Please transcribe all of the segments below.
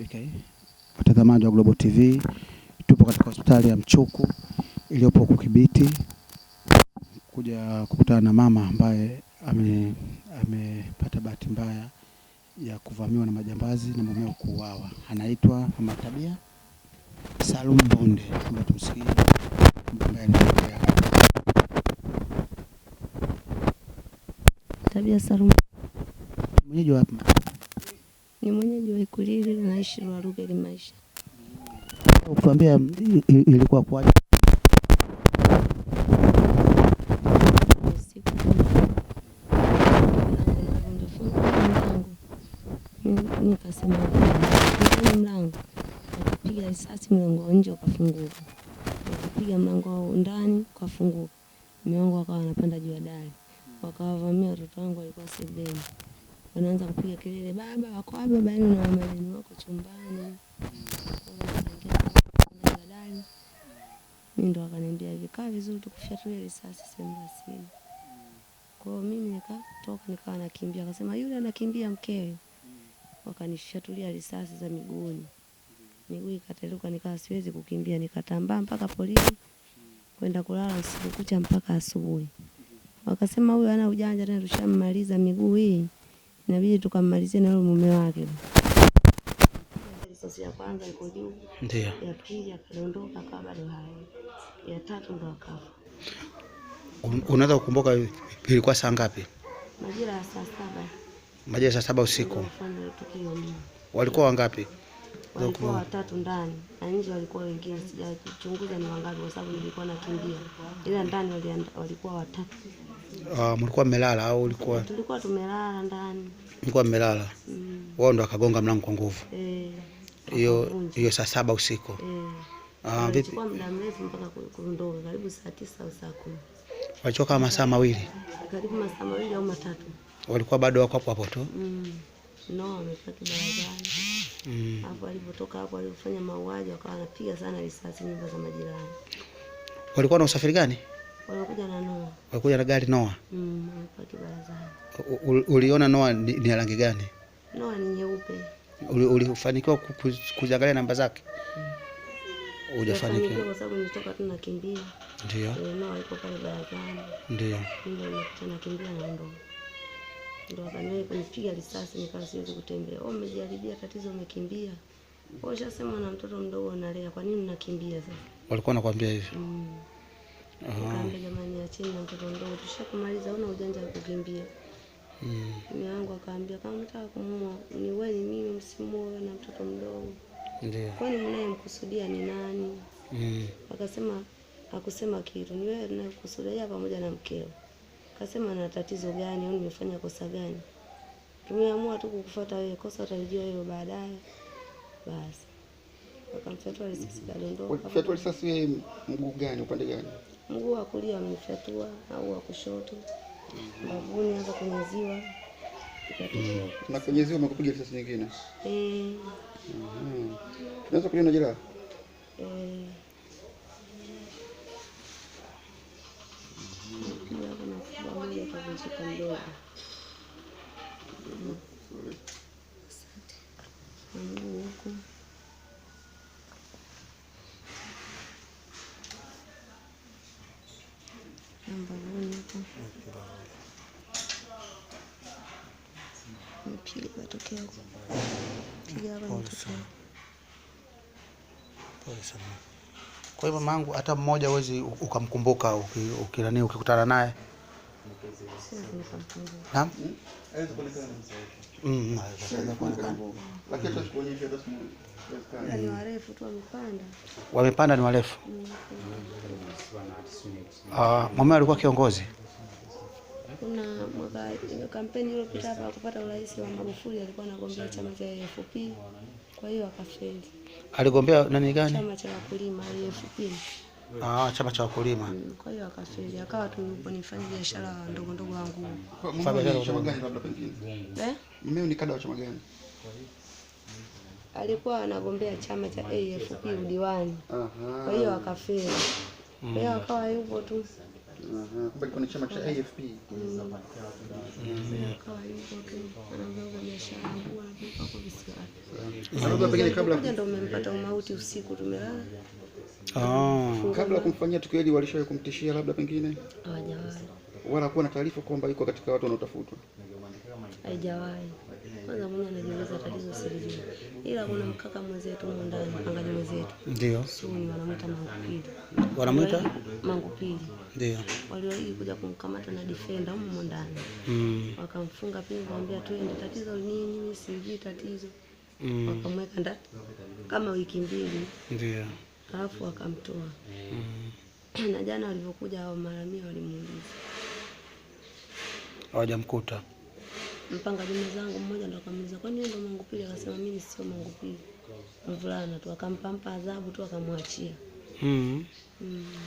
BK, watazamaji wa Global TV, tupo katika hospitali ya Mchuku iliyopo huko Kibiti kuja kukutana na mama ambaye amepata ame bahati mbaya ya kuvamiwa na majambazi na mumeo kuuawa. Anaitwa Mama Tabia Salum Bonde, tumsikie ambaye Tabia Salum mwenyeji wapi? ni mwenyeji wa Ikulili naishi Ruaruga ile maisha. Utuambia ilikuwa kwaje? Nikasema mlango akapiga risasi, mlango wa nje ukafunguka, akapiga mlango wa ndani ukafunguka, mimi wangu akawa anapanda juu ya dari, wakawavamia watoto wangu walikuwa sebeni wanaanza kupiga kelele, baba wako wapi? Baba yenu na mama yenu wako chumbani, Mimi ndo akaniambia hivi, kaa vizuri, tukufyatulia risasi sehemu rasmi. Kwa hiyo mimi nikatoka, nikawa nakimbia, akasema yule anakimbia mkewe, wakanifyatulia risasi za miguuni, miguu ikateruka, nikawa siwezi kukimbia, nikatambaa mpaka polisi kwenda kulala usiku kucha mpaka asubuhi. Wakasema huyu ana ujanja tena, tushammaliza miguu hii inabidi tukammalizie na mume wake. Risasi ya kwanza iko juu, ndio ya pili akadondoka, akawa bado hai, ya tatu ndo akafa. Unaweza kukumbuka ilikuwa saa ngapi? Majira ya saa saba. Majira saa saba usiku. Walikuwa wangapi? Walikuwa watatu ndani na nje walikuwa wengine, sijachunguza ni wangapi, kwa sababu nilikuwa nakimbia, ila ndani walikuwa watatu. Uh, mlikuwa mmelala au ulikuwa? Tulikuwa tumelala ndani. Mlikuwa mmelala. Mm. Wao ndo akagonga mlango kwa nguvu. Eh. Hiyo hiyo saa saba usiku. Eh. Ah, vipi? Ilikuwa muda mrefu mpaka kuondoka karibu saa tisa au saa kumi. Walichoka masaa mawili. Karibu masaa mawili au matatu. Walikuwa bado wako hapo hapo tu. Mm. No, wamepaki barazani. Mm. Hapo alipotoka hapo alifanya mauaji akawa anapiga sana risasi nyumba za majirani. Walikuwa na usafiri gani? Walikuja na Noah. Walikuja na gari Noah? Mm, walipaki barazani. Uliona Noah ni ya rangi gani? Noah ni nyeupe. Ulifanikiwa uli kuziangalia namba zake? Mm. Ujafanikiwa. Kwa sababu nilitoka tu nakimbia. Ndio. E, Noah yuko pale barazani. Ndio. Ndio nilikuwa nakimbia na ndo. Ndio akaniwe kunipiga risasi nikawa siwezi kutembea. Oh, umejaribia tatizo umekimbia. Kwa oh, hiyo shasema na mtoto mdogo analea, kwa nini unakimbia sasa? Walikuwa wanakuambia hivyo. Mm. Nikaambia jamani, acheni na mtoto mdogo, tushakumaliza, una ujanja wa kukimbia. Hmm. Mume wangu akaambia kama mtaka kumua niweni mimi, msimuoe na mtoto mdogo, kwani mkusudia ni nani? Mm. Akasema akusema kitu, ni wewe unayekusudia pamoja na mkeo. Akasema na tatizo gani au nimefanya kosa gani? Tumeamua tu kukufuata wewe, kosa utalijua hiyo baadaye. Basi Wakamfyatua risasi kadondoka. Walifyatua risasi mguu gani, upande gani? Mguu wa kulia wamefyatua au wa kushoto. Mm-hmm. Mbavuni hapo kwenye ziwa. Na kwenye ziwa wamekupiga risasi nyingine. Eh. Mhm. Tunaweza kuliona jeraha? Eh. Mm-hmm. Akavunjika hapa Pole sana. Kwa hiyo mamangu hata mmoja huwezi ukamkumbuka ukilani ukikutana naye. Mm, mm. Wamepanda ni warefu. Mwamea mm. ah, alikuwa kiongozi kuna mwaka kampeni iliyopita hapa kupata urais wa Magufuli alikuwa anagombea chama cha AFP, kwa hiyo akafeli. Aligombea nani gani? Chama cha wakulima AFP. Ah, chama cha wakulima. Mm, kwa hiyo akafeli, akawa tu yupo fanya biashara ndogo ndogo wangu. Chama gani labda pengine? Eh? Mimi ni kada wa chama gani? Alikuwa anagombea chama cha AFP udiwani. Aha. Kwa hiyo akafeli. Mm. Kwa hiyo akawa yupo tu Kumbe uh-huh. kikundi chama cha mm. mm. AFP pengine ah. Ah. kabla ya kumfanyia tukio hili walishawahi kumtishia labda pengine? Wala kuwa na taarifa kwamba yuko katika watu wanaotafutwa? Haijawahi. Kwanza mbona anajiuliza tatizo Ila kuna mkaka mwenzetu zetu. Ndio. Suni wanamwita Mangupili. Wanamwita Mangupili. Ndio. Waliwahi kuja kumkamata na defenda humo ndani. Mm. Wakamfunga pingu wakamwambia twende, tatizo nini? Mimi sijui tatizo. Mm. Wakamweka nda kama wiki mbili. Ndio. Alafu wakamtoa. Mm. na jana walivyokuja hao maramia walimuuliza. Hawajamkuta. Mpanga juma zangu mmoja ndo akamuuliza, kwani wewe ndo Mangupili? Akasema mimi sio Mangupili mvulana tu akampampa adhabu tu akamwachia. Mm.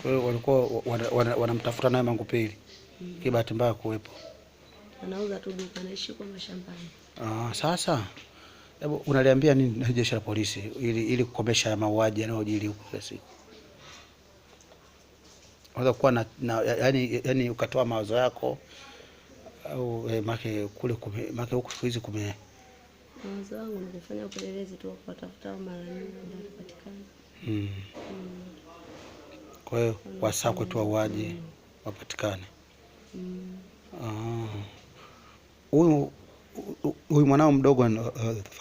Kwa hiyo walikuwa wanamtafuta naye Mangupili. mm. Kibahati mbaya kuwepo, anauza tu duka, anaishi kwa mashambani. Ah, sasa hebu unaliambia nini jeshi la polisi ili ili kukomesha mauaji yanayojiri huko kila siku? Unaweza kuwa na, na yani, yani ukatoa mawazo yako au eh, make kule make huko siku hizi kume mawazo wangu ni kufanya upelelezi tu, kuwatafuta au mara nyingi wanapatikana. Mm. Mm. Kwa hiyo hmm. wasakwe tu wauaji mm. wapatikane. Mm. Ah. Huyu huyu mwanao mdogo uh,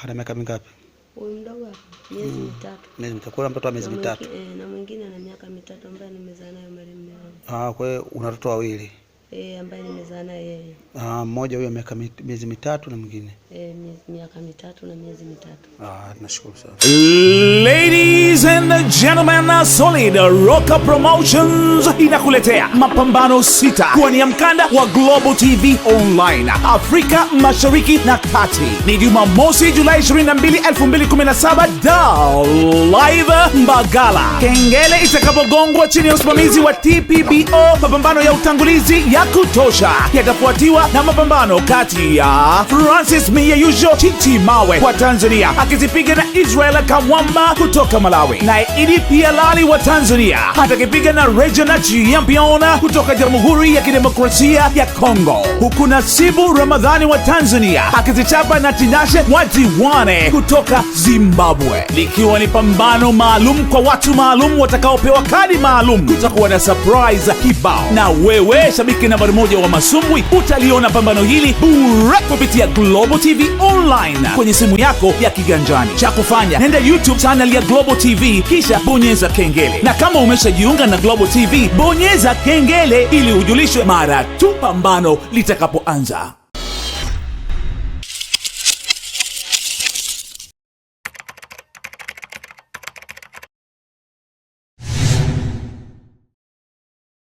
ana miaka mingapi? Huyu mdogo hmm. miezi mitatu. Mm. Miezi mitatu. Kwa mtoto wa miezi mitatu. Eh, na mwingine ana miaka mitatu ambaye nimezaa naye Mariam. Ah, kwa hiyo una watoto wawili. E, ambaye nimezaa naye yeye. Ah, mmoja huyo miaka miezi mitatu na mwingine e, miaka mitatu na miezi mitatu. Ah, tunashukuru sana. Ladies and gentlemen, Solid Rock Promotions inakuletea mapambano sita kuwania mkanda wa Global TV Online Afrika Mashariki na Kati. Ni Jumamosi Julai 22, 2017, da Live Mbagala. Kengele itakapogongwa chini ya usimamizi wa TPBO, mapambano ya utangulizi ya ya kutosha, yatafuatiwa na mapambano kati ya Francis Mieyusho Chichi Mawe wa Tanzania akizipiga na Israel Kamwamba kutoka Malawi, naye Idi Pialali wa Tanzania atakipiga na regional Chiampiona kutoka Jamhuri ya Kidemokrasia ya Kongo, huku Nasibu Ramadhani wa Tanzania akizichapa na Tinashe mwajiwane kutoka Zimbabwe, likiwa ni pambano maalum kwa watu maalum watakaopewa kadi maalum. Kutakuwa na surprise kibao, na wewe shabiki usibanduke nambari moja wa masumbwi. Utaliona pambano hili bure kupitia Global TV Online kwenye simu yako ya kiganjani. Cha kufanya, nenda YouTube channel ya Global TV kisha bonyeza kengele, na kama umeshajiunga na Global TV bonyeza kengele ili ujulishwe mara tu pambano litakapoanza.